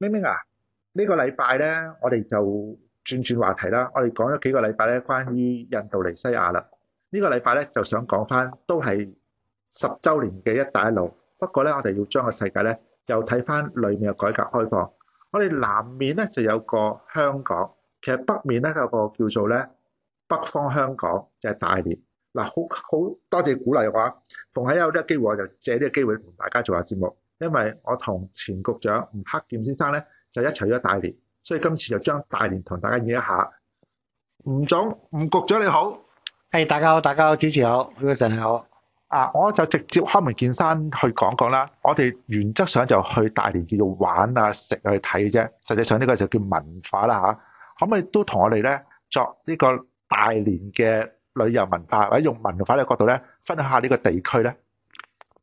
明明啊，呢個禮拜呢，我哋就轉轉話題啦。我哋講咗幾個禮拜呢，關於印度尼西亞啦。呢個禮拜呢，就想講翻都係十週年嘅一帶一路。不過呢，我哋要將個世界呢，又睇翻裏面嘅改革開放。我哋南面呢，就有個香港，其實北面呢，有個叫做呢北方香港，即係大連。嗱，好好多謝鼓勵嘅話！逢喺有啲機會，我就借呢個機會同大家做下節目。因為我同前局長吳克儉先生咧就一齊咗大連，所以今次就將大連同大家演一下。吳總、吳局長你好，係、hey, 大家好，大家好，主持好，李教授你好。啊，我就直接開門見山去講講啦。我哋原則上就去大連叫做玩啊食、啊、去睇嘅啫。實際上呢個就叫文化啦、啊、嚇。可唔可以都同我哋咧作呢個大連嘅旅遊文化或者用文化嘅角度咧分享下呢個地區咧？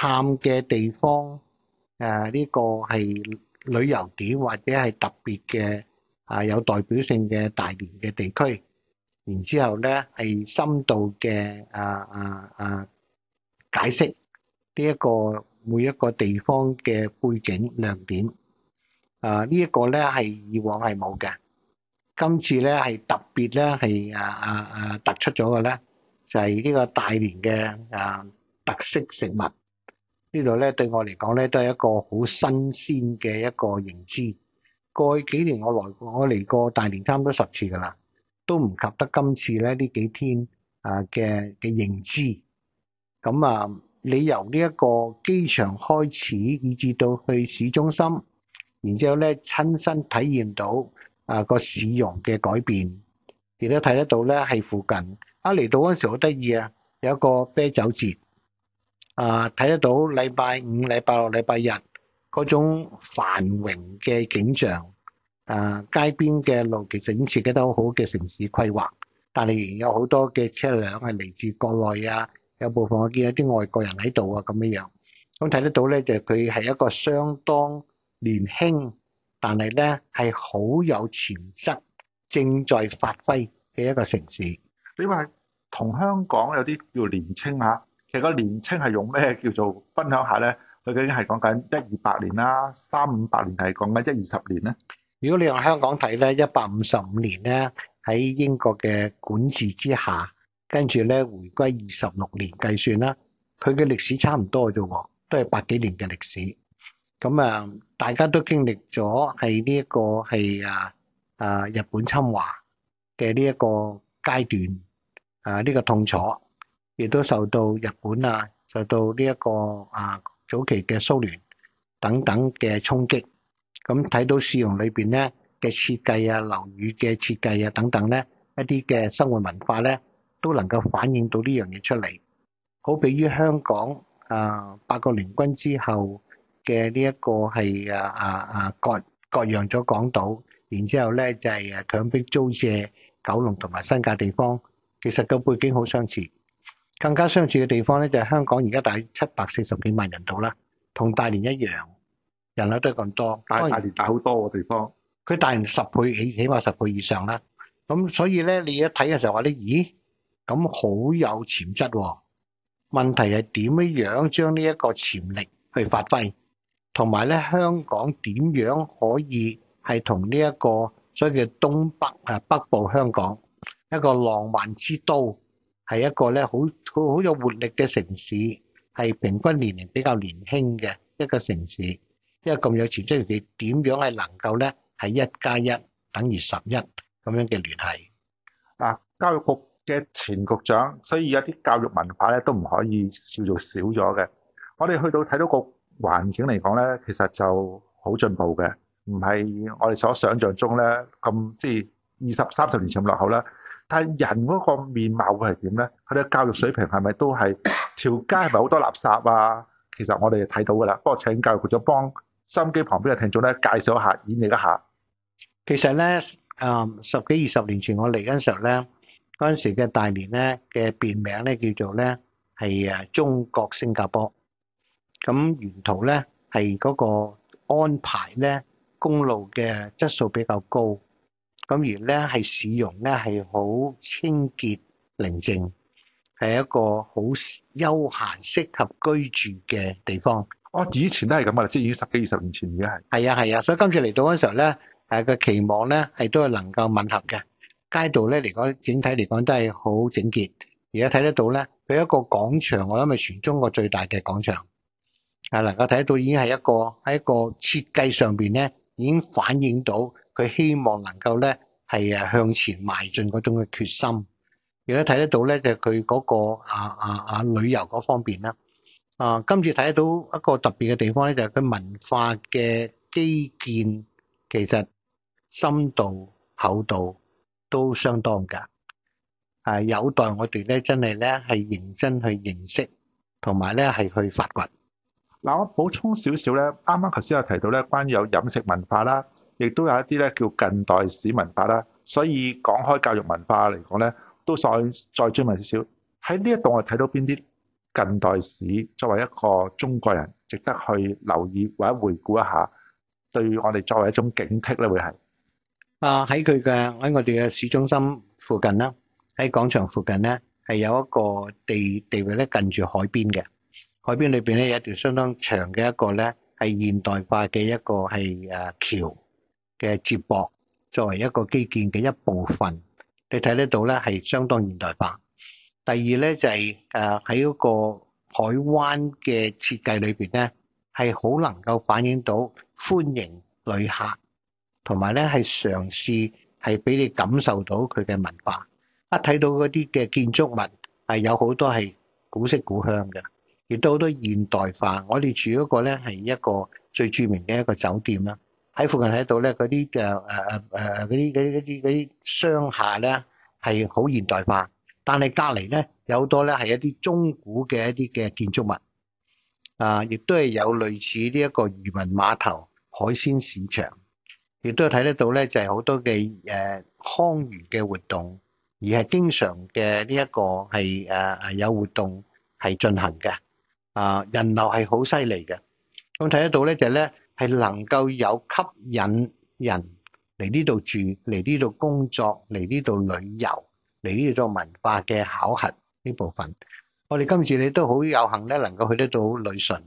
探嘅地方，誒呢個係旅遊點或者係特別嘅啊，有代表性嘅大連嘅地區。然之後咧係深度嘅啊啊啊解釋呢一個每一個地方嘅背景亮點。啊，呢一個咧係以往係冇嘅，今次咧係特別咧係啊啊啊突出咗嘅咧，就係呢個大連嘅啊特色食物。呢度咧對我嚟講咧都係一個好新鮮嘅一個認知。過去幾年我來過我嚟過大連，差唔多十次噶啦，都唔及得今次咧呢幾天啊嘅嘅認知。咁啊，你由呢一個機場開始，以至到去市中心，然之後咧親身體驗到啊個市容嘅改變，亦都睇得到咧係附近。啊嚟到嗰陣時好得意啊，有一個啤酒節。啊！睇得到禮拜五、禮拜六、禮拜日嗰種繁榮嘅景象。啊，街邊嘅路其實已經設計得好好嘅城市規劃，但係仍然有好多嘅車輛係嚟自國內啊。有部分我見有啲外國人喺度啊，咁樣樣。咁睇得到呢，就佢係一個相當年輕，但係呢係好有潛質，正在發揮嘅一個城市。你話同香港有啲叫年青啊。其實個年青係用咩叫做分享下呢？佢究竟係講緊一二百年啦，三五百年係講緊一二十年呢？如果你用香港睇呢，一百五十五年呢喺英國嘅管治之下，跟住呢回歸二十六年計算啦，佢嘅歷史差唔多啫喎，都係百幾年嘅歷史。咁啊，大家都經歷咗係呢一個係啊啊日本侵華嘅呢一個階段啊呢個痛楚。亦都受到日本啊，受到呢一個啊早期嘅蘇聯等等嘅衝擊，咁睇到市容裏邊咧嘅設計啊、樓宇嘅設計啊等等咧一啲嘅生活文化咧，都能夠反映到呢樣嘢出嚟。好比於香港啊，八國聯軍之後嘅呢一個係啊啊啊割割讓咗港島，然之後咧就係啊強迫租借九龍同埋新界地方，其實個背景好相似。更加相似嘅地方咧，就係香港，而家大約七百四十幾萬人度啦，同大連一樣，人口都係咁多。但係大連大好多嘅地方，佢大連十倍起起碼十倍以上啦。咁所以咧，你一睇嘅時候話咧，咦，咁好有潛質。問題係點樣將呢一個潛力去發揮，同埋咧香港點樣可以係同呢一個所謂嘅東北啊北部香港一個浪漫之都。係一個咧好好好有活力嘅城市，係平均年齡比較年輕嘅一個城市，因為咁有潛質，你點樣係能夠咧係一加一等於十一咁樣嘅聯繫？嗱，教育局嘅前局長，所以有啲教育文化咧都唔可以叫做少咗嘅。我哋去到睇到個環境嚟講咧，其實就好進步嘅，唔係我哋所想像中咧咁即係二十三十年前咁落後啦。但人嗰個面貌會係點咧？佢哋教育水平係咪都係，條街係咪好多垃圾啊？其實我哋睇到噶啦，不過請教育局長幫收音機旁邊嘅聽眾咧介紹一下，演繹一下。其實咧，誒十幾二十年前我嚟嗰陣時候咧，嗰陣時嘅大連咧嘅別名咧叫做咧係誒中國新加坡。咁沿途咧係嗰個安排咧公路嘅質素比較高。咁而咧係市容咧係好清潔寧靜，係一個好休閒適合居住嘅地方。哦，以前都係咁噶啦，即係已經十幾二十年前嘅係係。係啊係啊，所以今次嚟到嗰時候咧，係個期望咧係都係能夠吻合嘅。街道咧嚟講，整體嚟講都係好整潔。而家睇得到咧，佢一個廣場，我諗係全中國最大嘅廣場，係能夠睇得到已經係一個喺一個設計上面咧已經反映到。佢希望能夠咧係誒向前邁進嗰種嘅決心，亦都睇得到咧，就係佢嗰個啊啊啊旅遊嗰方面啦。啊，今次睇到一個特別嘅地方咧，就係佢文化嘅基建，其實深度、厚度都相當㗎，係有待我哋咧真係咧係認真去認識同埋咧係去發掘。嗱，我補充少少咧，啱啱頭先有提到咧，關於有飲食文化啦。亦都有一啲咧叫近代史文化啦，所以講開教育文化嚟講咧，都想再追問少少。喺呢一度我哋睇到邊啲近代史作為一個中國人值得去留意或者回顧一下，對我哋作為一種警惕咧，會係啊喺佢嘅喺我哋嘅市中心附近啦，喺廣場附近咧係有一個地地位咧近住海邊嘅海邊裏邊咧有一段相當長嘅一個咧係現代化嘅一個係誒橋。嘅接駁作為一個基建嘅一部分，你睇得到咧係相當現代化。第二咧就係誒喺嗰個海灣嘅設計裏邊咧，係好能夠反映到歡迎旅客，同埋咧係嘗試係俾你感受到佢嘅文化。一睇到嗰啲嘅建築物，係有好多係古色古香嘅，亦都好多現代化。我哋住嗰個咧係一個最著名嘅一個酒店啦。喺附近睇到咧，嗰啲嘅誒誒誒嗰啲嗰啲嗰啲嗰啲商廈咧係好現代化，但係隔離咧有好多咧係一啲中古嘅一啲嘅建築物，啊、呃，亦都係有類似呢一個漁民碼頭，海鮮市場，亦都睇得到咧，就係好多嘅誒康園嘅活動，而係經常嘅呢一個係誒誒有活動係進行嘅，啊人流係好犀利嘅，咁睇得到咧就係咧、是。係能夠有吸引人嚟呢度住、嚟呢度工作、嚟呢度旅遊、嚟呢度做文化嘅考核呢部分。我哋今次你都好有幸咧，能夠去得到旅順、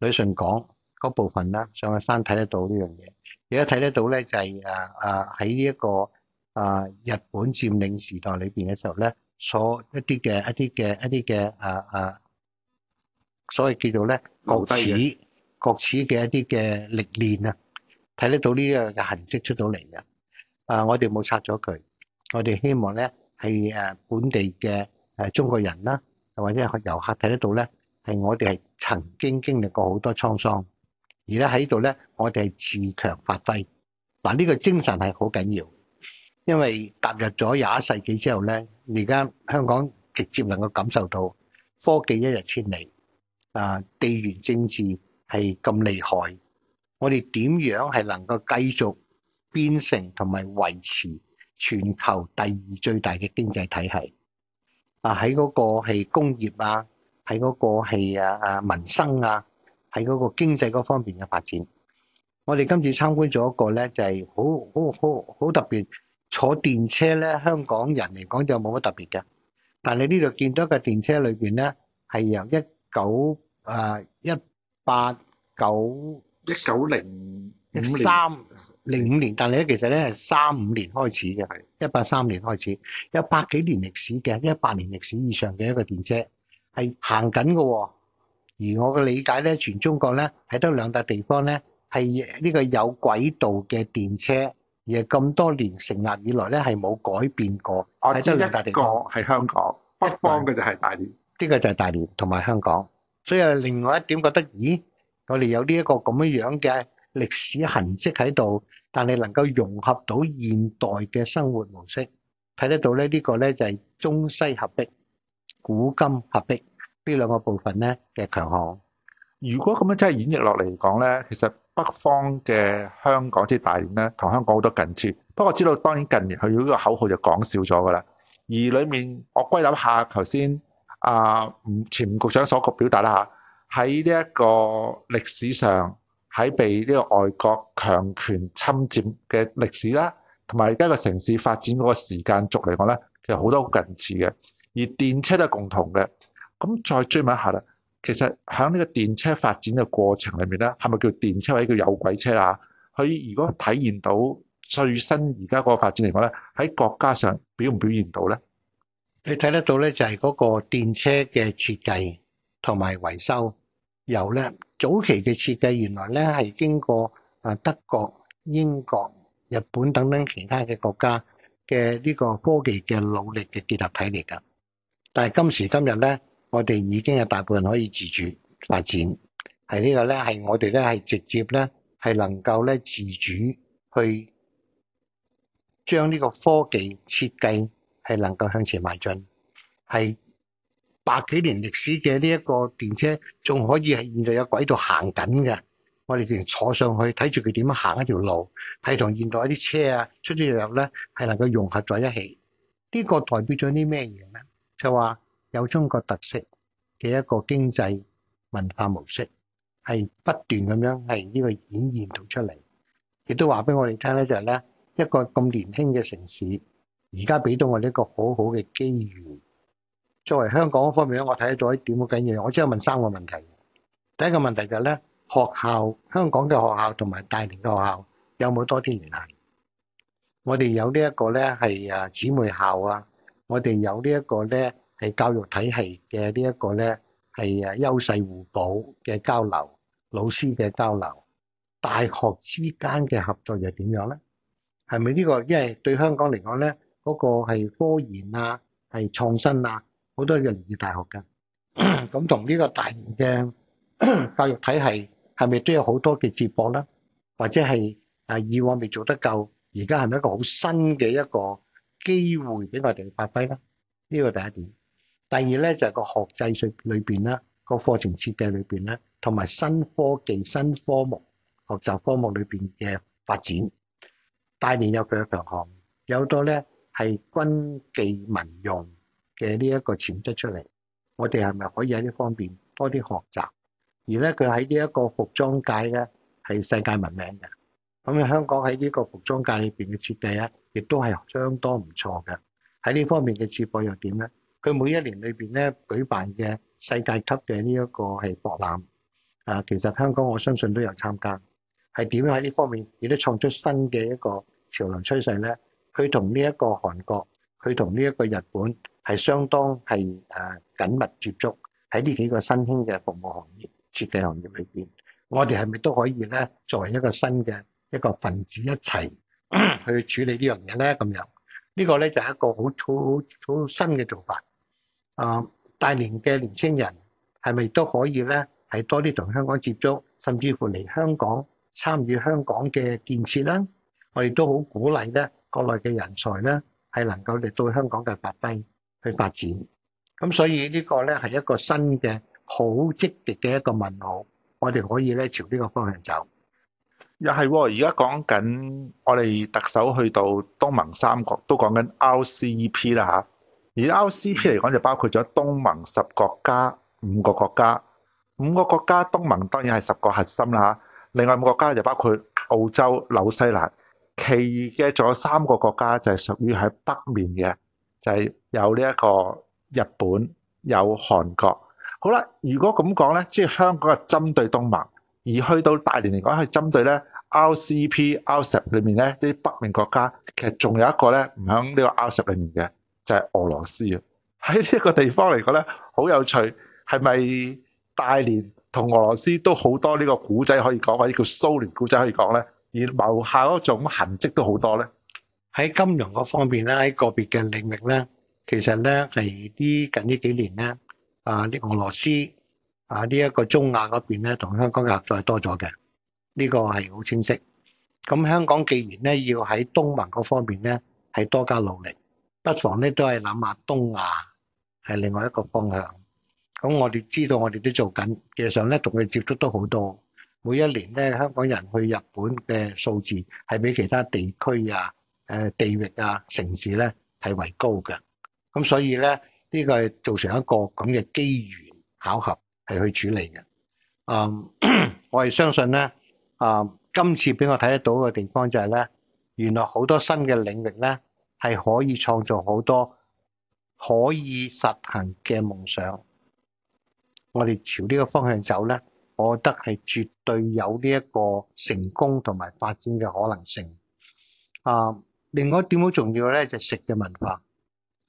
旅順港嗰部分啦，上個山睇得到呢樣嘢。而家睇得到咧，就係誒誒喺呢一個誒日本佔領時代裏邊嘅時候咧，所一啲嘅一啲嘅一啲嘅誒誒，所謂叫做咧國恥。國恥嘅一啲嘅歷練啊，睇得到呢個嘅痕跡出到嚟嘅。啊，我哋冇拆咗佢，我哋希望咧係誒本地嘅誒中國人啦，或者係遊客睇得到咧，係我哋係曾經經歷過好多滄桑，而咧喺度咧，我哋係自強發揮。嗱，呢個精神係好緊要，因為踏入咗廿一世紀之後咧，而家香港直接能夠感受到科技一日千里啊，地緣政治。係咁厲害，我哋點樣係能夠繼續變成同埋維持全球第二最大嘅經濟體系？啊，喺嗰個係工業啊，喺嗰個係啊啊民生啊，喺嗰個經濟嗰方面嘅發展。我哋今次參觀咗一個呢，就係好好好好特別，坐電車呢，香港人嚟講就冇乜特別嘅。但係你呢度見到嘅電車裏邊呢，係由一九啊一。八九一九零三零五年，但係咧，其實咧係三五年開始嘅，係一八三年開始，有百幾年歷史嘅，一百年歷史以上嘅一個電車係行緊嘅。而我嘅理解咧，全中國咧睇得兩大地方咧係呢個有軌道嘅電車，而係咁多年成立以來咧係冇改變過。我哋即係兩大地方，係香港，北方嘅就係大連。呢個就係大連同埋香港。所以另外一點覺得，咦，我哋有呢一個咁樣樣嘅歷史痕跡喺度，但係能夠融合到現代嘅生活模式，睇得到咧呢個咧就係中西合璧、古今合璧呢兩個部分咧嘅強項。如果咁樣真係演繹落嚟講咧，其實北方嘅香港即係大連咧，同香港好多近似。不過我知道當然近年佢呢個口號就講少咗㗎喇。而裡面我歸納下頭先。啊，uh, 前吳局長所局表達啦嚇，喺呢一個歷史上喺被呢個外國強權侵佔嘅歷史啦，同埋而家個城市發展嗰個時間軸嚟講咧，其實好多好近似嘅，而電車都係共同嘅。咁再追問一下啦，其實喺呢個電車發展嘅過程裏面咧，係咪叫電車或者叫有軌車啊？佢如果體現到最新而家嗰個發展嚟講咧，喺國家上表唔表現到咧？你睇得到咧，就係嗰個電車嘅設計同埋維修由咧，早期嘅設計原來咧係經過啊德國、英國、日本等等其他嘅國家嘅呢個科技嘅努力嘅結合體嚟噶。但係今時今日咧，我哋已經有大部分可以自主發展，係呢個咧係我哋咧係直接咧係能夠咧自主去將呢個科技設計。係能夠向前邁進，係百幾年歷史嘅呢一個電車，仲可以係現在有軌道行緊嘅。我哋直程坐上去睇住佢點樣行一條路，係同現代一啲車啊出出入入咧，係能夠融合在一起。呢個代表咗啲咩嘢咧？就話有中國特色嘅一個經濟文化模式，係不斷咁樣係呢個展現到出嚟。亦都話俾我哋聽咧，就係咧一個咁年輕嘅城市。而家俾到我哋一個好好嘅機遇，作為香港嗰方面咧，我睇到一點好緊要。我只係問三個問題。第一個問題就係咧，學校，香港嘅學校同埋大連嘅學校有冇多啲聯繫？我哋有呢一個咧係誒姊妹校啊，我哋有呢一個咧係教育體系嘅呢一個咧係誒優勢互補嘅交流，老師嘅交流，大學之間嘅合作又點樣咧？係咪呢個因為對香港嚟講咧？嗰個係科研啊，係創新啊，好多嘅大學嘅，咁同呢個大型嘅教育體系係咪都有好多嘅接駁咧？或者係啊，以往未做得夠，而家係咪一個好新嘅一個機會俾我哋發揮咧？呢個第一點。第二咧就係個學制術裏邊咧，個課程設計裏邊咧，同埋新科技、新科目、學習科目裏邊嘅發展，大連有佢嘅強項，有好多咧。係軍技民用嘅呢一個潛質出嚟，我哋係咪可以喺呢方面多啲學習？而咧，佢喺呢一個服裝界咧係世界聞名嘅。咁啊，香港喺呢個服裝界裏邊嘅設計咧，亦都係相當唔錯嘅。喺呢方面嘅設備又點咧？佢每一年裏邊咧舉辦嘅世界級嘅呢一個係博覽啊，其實香港我相信都有參加。係點喺呢方面亦都創出新嘅一個潮流趨勢咧？佢同呢一個韓國，佢同呢一個日本係相當係誒緊密接觸。喺呢幾個新興嘅服務行業、設計行業裏邊，我哋係咪都可以咧作為一個新嘅一個分子一齊去處理呢樣嘢咧？咁樣呢個咧就係一個好好好好新嘅做法。誒，大連嘅年輕人係咪都可以咧，係多啲同香港接觸，甚至乎嚟香港參與香港嘅建設啦？我哋都好鼓勵咧。國內嘅人才咧，係能夠嚟到香港嘅發揮去發展，咁所以呢個咧係一個新嘅好積極嘅一個問號，我哋可以咧朝呢個方向走。又係喎、哦，而家講緊我哋特首去到東盟三國都講緊 RCEP 啦嚇，而 RCEP 嚟講就包括咗東盟十國家五個國家，五個國家東盟當然係十個核心啦，另外五國家就包括澳洲紐西蘭。其餘嘅仲有三個國家就係屬於喺北面嘅，就係有呢一個日本，有韓國。好啦，如果咁講咧，即係香港係針對東盟，而去到大連嚟講，係針對咧 RCP、RCEP 裏面咧啲北面國家。其實仲有一個咧唔響呢個 RCEP 裏面嘅，就係俄羅斯。喺呢個地方嚟講咧，好有趣，係咪大連同俄羅斯都好多呢個古仔可以講，或者叫蘇聯古仔可以講咧？而留下嗰種痕跡都好多咧。喺金融嗰方面咧，喺個別嘅領域咧，其實咧係啲近呢幾年咧，啊呢俄羅斯啊呢一個中亞嗰邊咧，同香港嘅合作係多咗嘅。呢個係好清晰。咁香港既然咧要喺東盟嗰方面咧，係多加努力，不妨咧都係諗下東亞係另外一個方向。咁我哋知道，我哋都做緊，其實上咧同佢接觸都好多。每一年咧，香港人去日本嘅數字係比其他地區啊、呃、地域啊、城市咧係為高嘅。咁所以咧，呢、這個係造成一個咁嘅機緣巧合係去處理嘅。啊、嗯，我係相信咧，啊、嗯、今次俾我睇得到嘅地方就係咧，原來好多新嘅領域咧係可以創造好多可以實行嘅夢想。我哋朝呢個方向走咧。我覺得係絕對有呢一個成功同埋發展嘅可能性。啊，另外一點好重要咧，就係食嘅文化。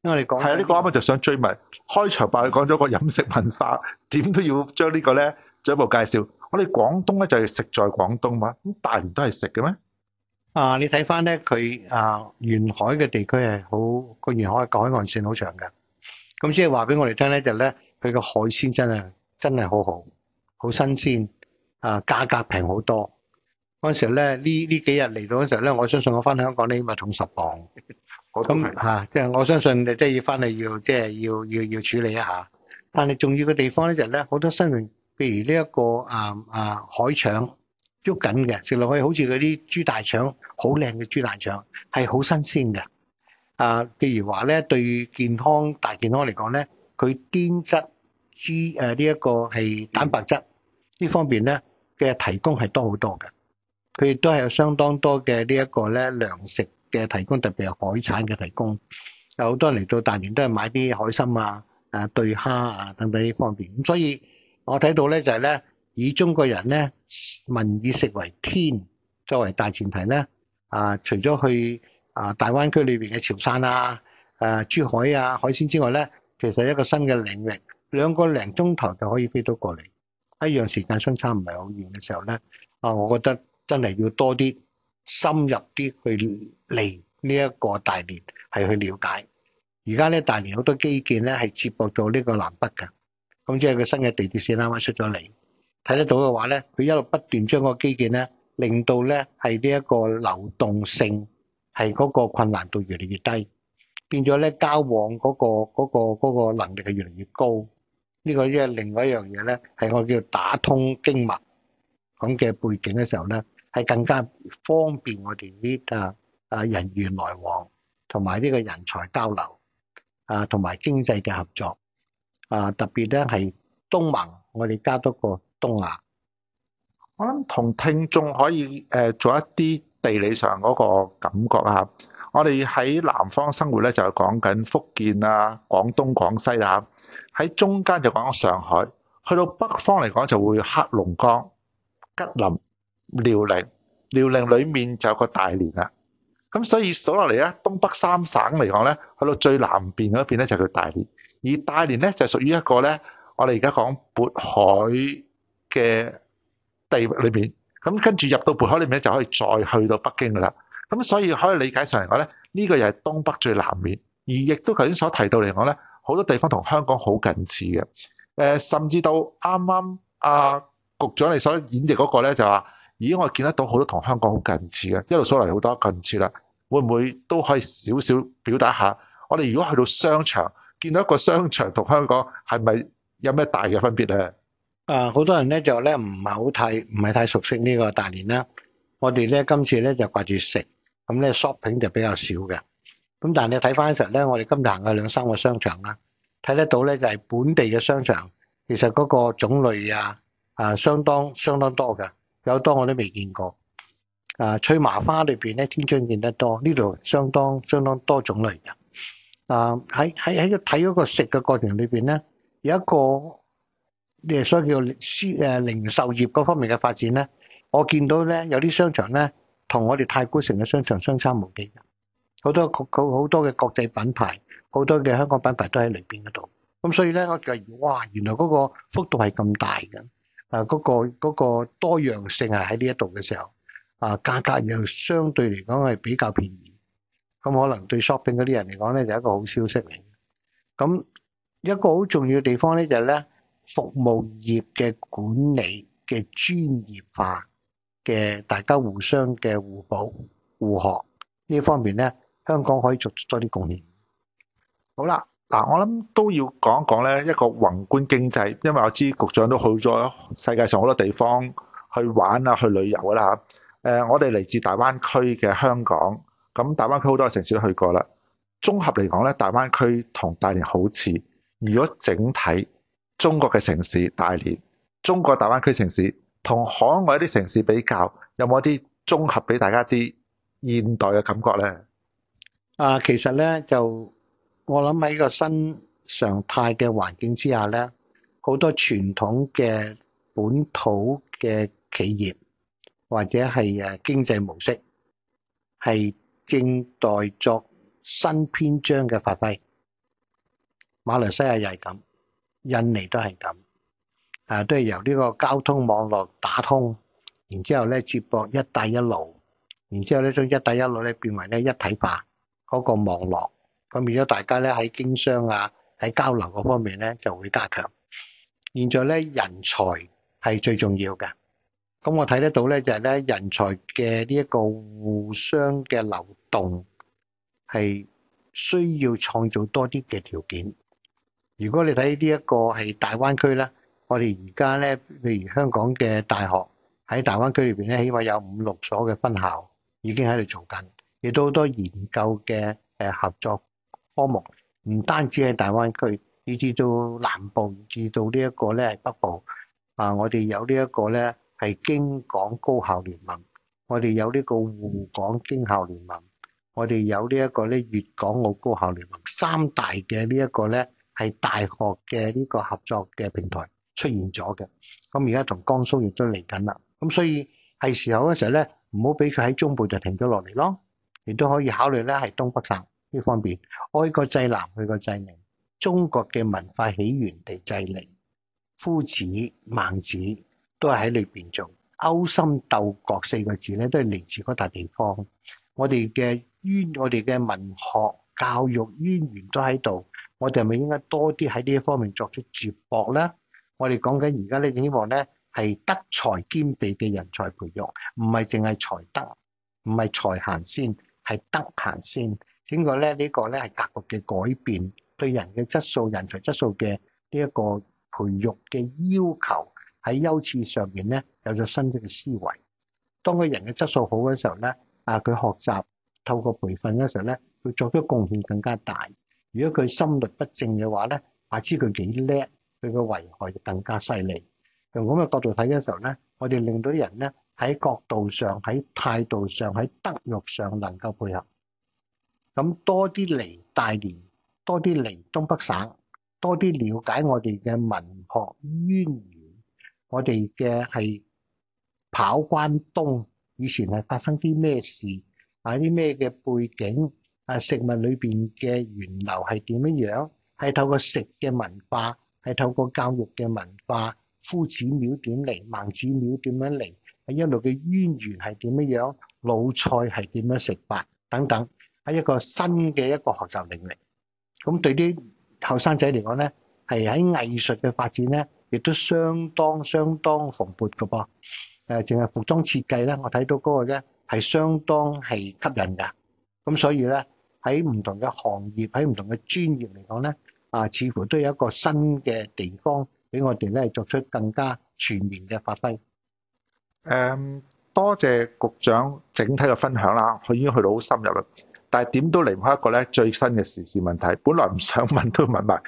因為你講係啊，呢個啱啱就想追問。開場白你講咗個飲食文化，點都要將呢個咧進一步介紹。我哋廣東咧就係食在廣東嘛，咁大連都係食嘅咩？啊，你睇翻咧佢啊，沿海嘅地區係好個，沿海嘅海岸線好長嘅。咁即係話俾我哋聽咧，就咧佢個海鮮真係真係好好。好新鮮啊！價格平好多。嗰陣時咧，這這幾天來到的時候呢呢幾日嚟到嗰陣時咧，我相信我翻香港啲物重十磅。咁嚇，即係、啊就是、我相信你，即、就、係、是、要翻嚟，要即係要要要處理一下。但係重要嘅地方咧就係咧，好多新嘅，譬如呢、這、一個啊啊海腸喐緊嘅，食落去好似嗰啲豬大腸，好靚嘅豬大腸係好新鮮嘅。啊，譬如話咧，對於健康大健康嚟講咧，佢纖質之、脂誒呢一個係蛋白質。呢方面咧嘅提供係多好多嘅，佢亦都係有相當多嘅呢一個咧糧食嘅提供，特別係海產嘅提供。有好多人嚟到大連都係買啲海參啊、對蝦啊對蝦啊等等呢方面。咁所以我睇到咧就係咧，以中國人咧民以食為天作為大前提咧，啊除咗去大灣區裏面的啊大灣區裏邊嘅潮汕啊、誒珠海啊海鮮之外咧，其實一個新嘅領域，兩個零鐘頭就可以飛到過嚟。一樣時間相差唔係好遠嘅時候咧，啊，我覺得真係要多啲深入啲去嚟呢一個大連係去了解。而家咧大連好多基建咧係接駁到呢個南北㗎，咁即係佢新嘅地鐵線啱啱出咗嚟，睇得到嘅話咧，佢一路不斷將個基建咧，令到咧係呢一個流動性係嗰個困難度越嚟越低，變咗咧交往嗰個嗰個嗰個能力係越嚟越高。呢個一係另外一樣嘢咧，係我叫打通經脈咁嘅背景嘅時候咧，係更加方便我哋呢個啊人員來往，同埋呢個人才交流啊，同埋經濟嘅合作啊，特別咧係東盟，我哋加多個東亞。我諗同聽眾可以誒做一啲地理上嗰個感覺啊！我哋喺南方生活咧，就係講緊福建啊、廣東、廣西啦。喺中間就講上海，去到北方嚟講就會黑龍江、吉林、遼寧，遼寧裡面就有個大連啦。咁所以數落嚟咧，東北三省嚟講咧，去到最南邊嗰邊咧就叫大連。而大連咧就屬於一個咧，我哋而家講渤海嘅地域裏面。咁跟住入到渤海裏面就可以再去到北京噶啦。咁所以可以理解上嚟講咧，呢個又係東北最南面，而亦都頭先所提到嚟講咧。好多地方同香港好近似嘅，誒、呃，甚至到啱啱阿局長你所演繹嗰個咧就話，咦，我見得到好多同香港好近似嘅，一路數嚟好多近似啦，會唔會都可以少少表達一下？我哋如果去到商場，見到一個商場同香港係咪有咩大嘅分別咧？啊，好多人咧就咧唔係好太，唔係太熟悉呢個大連啦。我哋咧今次咧就掛住食，咁咧 shopping 就比較少嘅。咁但係你睇翻嗰時候咧，我哋今日行嘅兩三個商場啦，睇得到咧就係本地嘅商場，其實嗰個種類啊啊相當相當多㗎。有多我都未見過。啊，翠麻花裏面咧，天津見得多，呢度相當相當多種類嘅。啊，喺喺喺個睇嗰個食嘅過程裏面咧，有一個誒，所謂叫零零售業嗰方面嘅發展咧，我見到咧有啲商場咧，同我哋太古城嘅商場相差無幾嘅。好多國好好多嘅國際品牌，好多嘅香港品牌都喺裏邊嗰度。咁所以咧，我就話：哇，原來嗰個幅度係咁大嘅。啊，嗰個嗰個多樣性係喺呢一度嘅時候，啊，價格又相對嚟講係比較便宜。咁可能對 shopping 嗰啲人嚟講咧，就係一個好消息嚟。咁一個好重要嘅地方咧，就係咧服務業嘅管理嘅專業化嘅，大家互相嘅互補互學呢方面咧。香港可以做出多啲貢獻。好啦，嗱，我諗都要講一講咧，一個宏觀經濟，因為我知局長都去咗世界上好多地方去玩啊，去旅遊啦吓。誒，我哋嚟自大灣區嘅香港，咁大灣區好多城市都去過啦。綜合嚟講咧，大灣區同大連好似。如果整體中國嘅城市大連、中國大灣區城市同海外啲城市比較，有冇一啲綜合俾大家啲現代嘅感覺咧？啊，其實咧就我諗喺個新常態嘅環境之下咧，好多傳統嘅本土嘅企業或者係誒經濟模式係正待作新篇章嘅發揮。馬來西亞又係咁，印尼都係咁，啊都係由呢個交通網絡打通，然之後咧接駁一帶一路，然之後呢將一帶一路咧變為咧一體化。嗰個網絡，咁變咗大家咧喺經商啊，喺交流嗰方面咧就會加強。現在咧人才係最重要㗎，咁我睇得到咧就係咧人才嘅呢一個互相嘅流動係需要創造多啲嘅條件。如果你睇呢一個係大灣區咧，我哋而家咧，譬如香港嘅大學喺大灣區裏面咧，起碼有五六所嘅分校已經喺度做緊。亦都好多研究嘅合作科目，唔單止喺大灣區，以至到南部，以至到呢一個咧北部啊。我哋有呢一個咧係京港高校聯盟，我哋有呢個滬港京校聯盟，我哋有呢一個咧粵港澳高校聯盟，盟，三大嘅呢一個咧係大學嘅呢個合作嘅平台出現咗嘅。咁而家同江蘇亦都嚟緊啦，咁所以係時候嘅時候咧，唔好俾佢喺中部就停咗落嚟咯。亦都可以考慮咧，係東北省呢方面。愛過濟南，去過濟寧。中國嘅文化起源地濟寧，夫子孟子都係喺裏邊做。勾心鬥角四個字咧，都係嚟自嗰笪地方。我哋嘅淵，我哋嘅文學教育淵源都喺度。我哋係咪應該多啲喺呢一方面作出接駁咧？我哋講緊而家咧，希望咧係德才兼備嘅人才培育，唔係淨係才德，唔係才行先。係得閒先，整個咧，呢個咧係格局嘅改變，對人嘅質素、人才質素嘅呢一個培育嘅要求喺優次上面咧有咗新嘅思維。當佢人嘅質素好嘅時候咧，啊佢學習透過培訓嘅時候咧，佢作出貢獻更加大。如果佢心術不正嘅話咧，話知佢幾叻，對佢危害就更加犀利。用咁嘅角度睇嘅時候咧，我哋令到啲人咧。喺角度上、喺態度上、喺德育上能夠配合，咁多啲嚟大連，多啲嚟東北省，多啲了解我哋嘅文學淵源，我哋嘅係跑關東，以前係發生啲咩事啊？啲咩嘅背景啊？食物裏邊嘅源流係點樣樣？係透過食嘅文化，係透過教育嘅文化，夫子廟點嚟，孟子廟點樣嚟？喺一路嘅淵源係點樣樣，魯菜係點樣食法等等，喺一個新嘅一個學習領域。咁對啲後生仔嚟講咧，係喺藝術嘅發展咧，亦都相當相當蓬勃㗎噃。誒，淨係服裝設計咧，我睇到嗰個咧係相當係吸引㗎。咁所以咧，喺唔同嘅行業，喺唔同嘅專業嚟講咧，啊，似乎都有一個新嘅地方俾我哋咧，係作出更加全面嘅發揮。誒、嗯，多謝局長整體嘅分享啦，佢已經去到好深入啦。但係點都離唔開一個咧最新嘅時事問題。本來唔想問都問埋。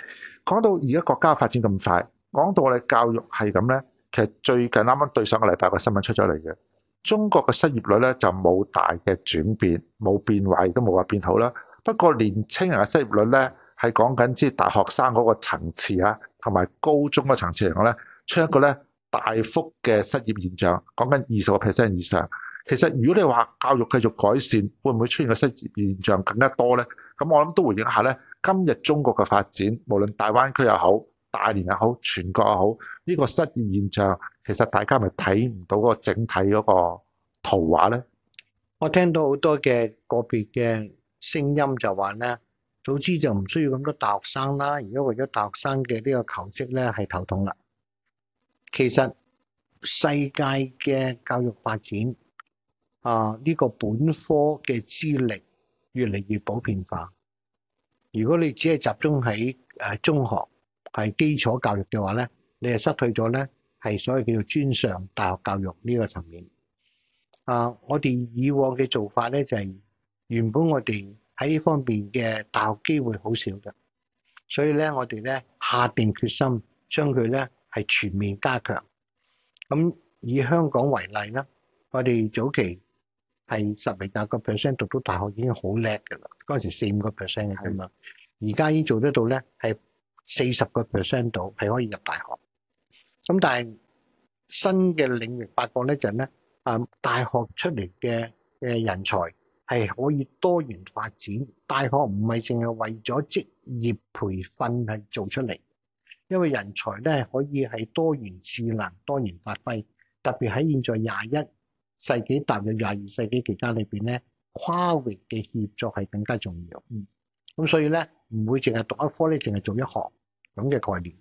講到而家國家發展咁快，講到我哋教育係咁咧，其實最近啱啱對上個禮拜個新聞出咗嚟嘅，中國嘅失業率咧就冇大嘅轉變，冇變壞亦都冇話變好啦。不過年青人嘅失業率咧係講緊即係大學生嗰個層次啊，同埋高中嘅層次嚟講咧，出一個咧。大幅嘅失業現象，講緊二十個 percent 以上。其實如果你話教育繼續改善，會唔會出現個失業現象更加多呢？咁我諗都回應下呢：今日中國嘅發展，無論大灣區又好，大連又好，全國又好，呢個失業現象其實大家咪睇唔到個整體嗰個圖畫呢？我聽到好多嘅個別嘅聲音就話呢：「早知就唔需要咁多大學生啦。」而家為咗大學生嘅呢個求職呢，係頭痛啦。其實世界嘅教育發展，啊，呢個本科嘅資歷越嚟越普遍化。如果你只係集中喺誒中學係基礎教育嘅話咧，你係失去咗咧係所謂叫做專上大學教育呢個層面。啊，我哋以往嘅做法咧就係原本我哋喺呢方面嘅大學機會好少嘅，所以咧我哋咧下定決心將佢咧。係全面加強，咁以香港為例啦，我哋早期係十零廿個 percent 讀到大學已經好叻㗎啦，嗰陣時四五個 percent 嘅咁樣，而家已經做得到咧，係四十個 percent 度係可以入大學。咁但係新嘅領域發覺咧就係咧，啊大學出嚟嘅嘅人才係可以多元發展，大學唔係淨係為咗職業培訓係做出嚟。因為人才咧可以係多元智能、多元發揮，特別喺現在廿一世紀踏入廿二世紀期間裏邊咧，跨域嘅協作係更加重要。嗯，咁所以咧唔會淨係讀一科咧，淨係做一行咁嘅概念。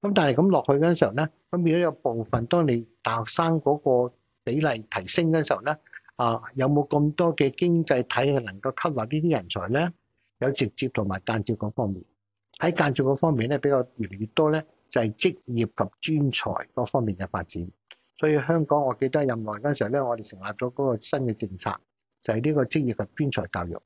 咁但係咁落去嗰陣時候咧，咁如果有部分，當你大學生嗰個比例提升嗰陣時候咧，啊有冇咁多嘅經濟體系能夠吸納呢啲人才咧？有直接同埋間接嗰方面。喺間接嗰方面咧，比較越嚟越多咧，就係職業及專才嗰方面嘅發展。所以香港，我記得任內嗰陣時候咧，我哋成立咗嗰個新嘅政策，就係呢個職業及專才教育，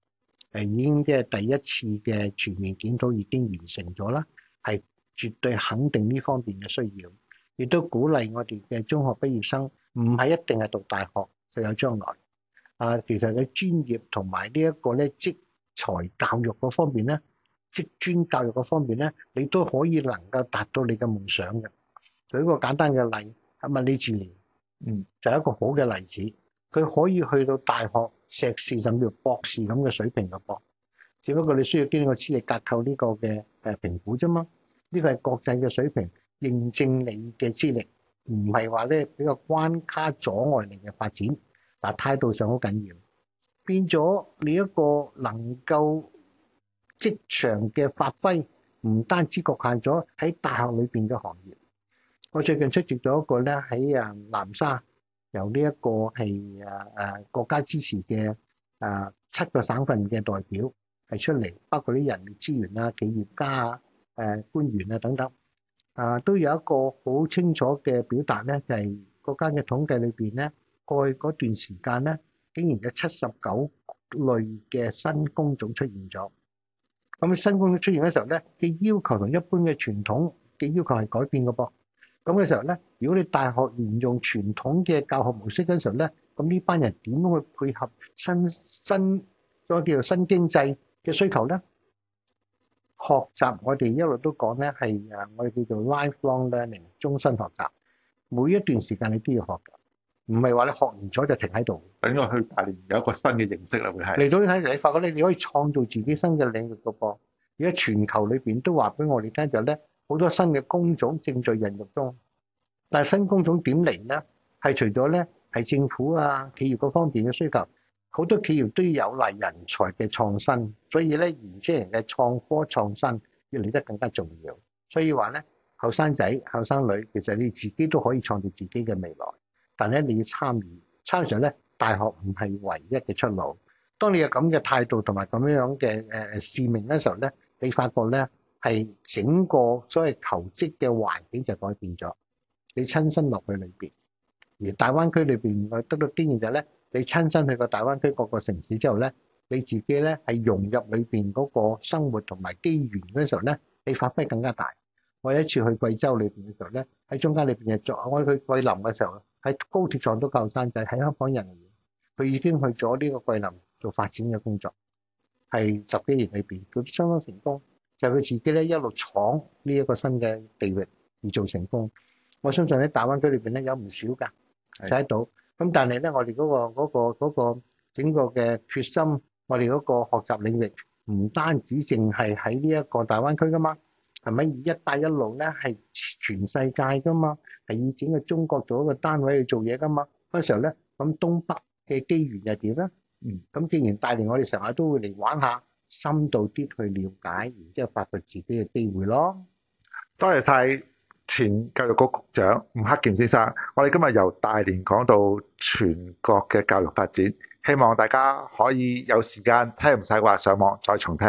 誒已經即係第一次嘅全面檢討已經完成咗啦，係絕對肯定呢方面嘅需要，亦都鼓勵我哋嘅中學畢業生唔係一定係讀大學就有將來。啊，其實嘅專業同埋呢一個咧職才教育嗰方面咧。職專教育嘅方面咧，你都可以能夠達到你嘅夢想嘅。舉個簡單嘅例，係咪李志廉？嗯，就係一個好嘅例子，佢可以去到大學碩士甚至博士咁嘅水平嘅噃，只不過你需要經過資歷架構呢個嘅誒評估啫嘛。呢個係國際嘅水平，認證你嘅資歷，唔係話咧比較關卡阻礙你嘅發展，但係態度上好緊要，變咗你一個能夠。職場嘅發揮唔單止局限咗喺大學裏邊嘅行業。我最近出席咗一個咧喺啊南沙由呢一個係啊啊國家支持嘅啊七個省份嘅代表係出嚟，包括啲人力資源啊、企業家啊、誒官員啊等等啊，都有一個好清楚嘅表達咧，就係國家嘅統計裏邊咧，過去嗰段時間咧，竟然有七十九類嘅新工種出現咗。咁新工種出現嘅時候咧，嘅要求同一般嘅傳統嘅要求係改變嘅噃。咁嘅時候咧，如果你大學沿用傳統嘅教學模式嘅時候咧，咁呢班人點樣去配合新新，再叫做新經濟嘅需求咧？學習我哋一路都講咧係啊，我哋叫做 lifelong learning，終身學習，每一段時間你都要學嘅。唔係話你學完咗就停喺度，等我去大連有一個新嘅認識啦，會係嚟到呢，睇你發覺你你可以創造自己的新嘅領域個，而家全球裏面都話俾我哋聽就咧，好多新嘅工種正在孕育中，但係新工種點嚟咧？係除咗咧係政府啊企業嗰方面嘅需求，好多企業都要有賴人才嘅創新，所以咧年輕人嘅創科創新要嚟得更加重要，所以話咧，後生仔後生女其實你自己都可以創造自己嘅未來。但係，你要參與參與嘅時候咧，大學唔係唯一嘅出路。當你有咁嘅態度同埋咁樣樣嘅誒誒使命嘅時候咧，你發覺咧係整個所謂求職嘅環境就改變咗。你親身落去裏邊，而大灣區裏邊我得到經驗就係咧，你親身去過大灣區各個城市之後咧，你自己咧係融入裏邊嗰個生活同埋機緣嘅時候咧，你發揮更加大。我有一次去貴州裏邊嘅時候咧，喺中間裏邊嘅作，我去桂林嘅時候。喺高鐵撞到舊生，就喺香港人員，佢已經去咗呢個桂林做發展嘅工作，係十幾年裏邊，佢相當成功，就係佢自己咧一路闖呢一個新嘅地域而做成功。我相信喺大灣區裏邊咧有唔少㗎，睇得到。咁但係咧，我哋嗰個嗰個嗰個整個嘅決心，我哋嗰個學習領域唔單止淨係喺呢一個大灣區㗎嘛。係咪以一帶一路咧係全世界噶嘛？係以整個中國做一個單位去做嘢噶嘛？嗰時候咧，咁東北嘅機緣又點咧？嗯，咁既然大連我哋成日都會嚟玩下，深度啲去了解，然之後發掘自己嘅機會咯。多謝曬前教育局局長吳克健先生。我哋今日由大連講到全國嘅教育發展，希望大家可以有時間聽唔曬嘅話，上網再重聽。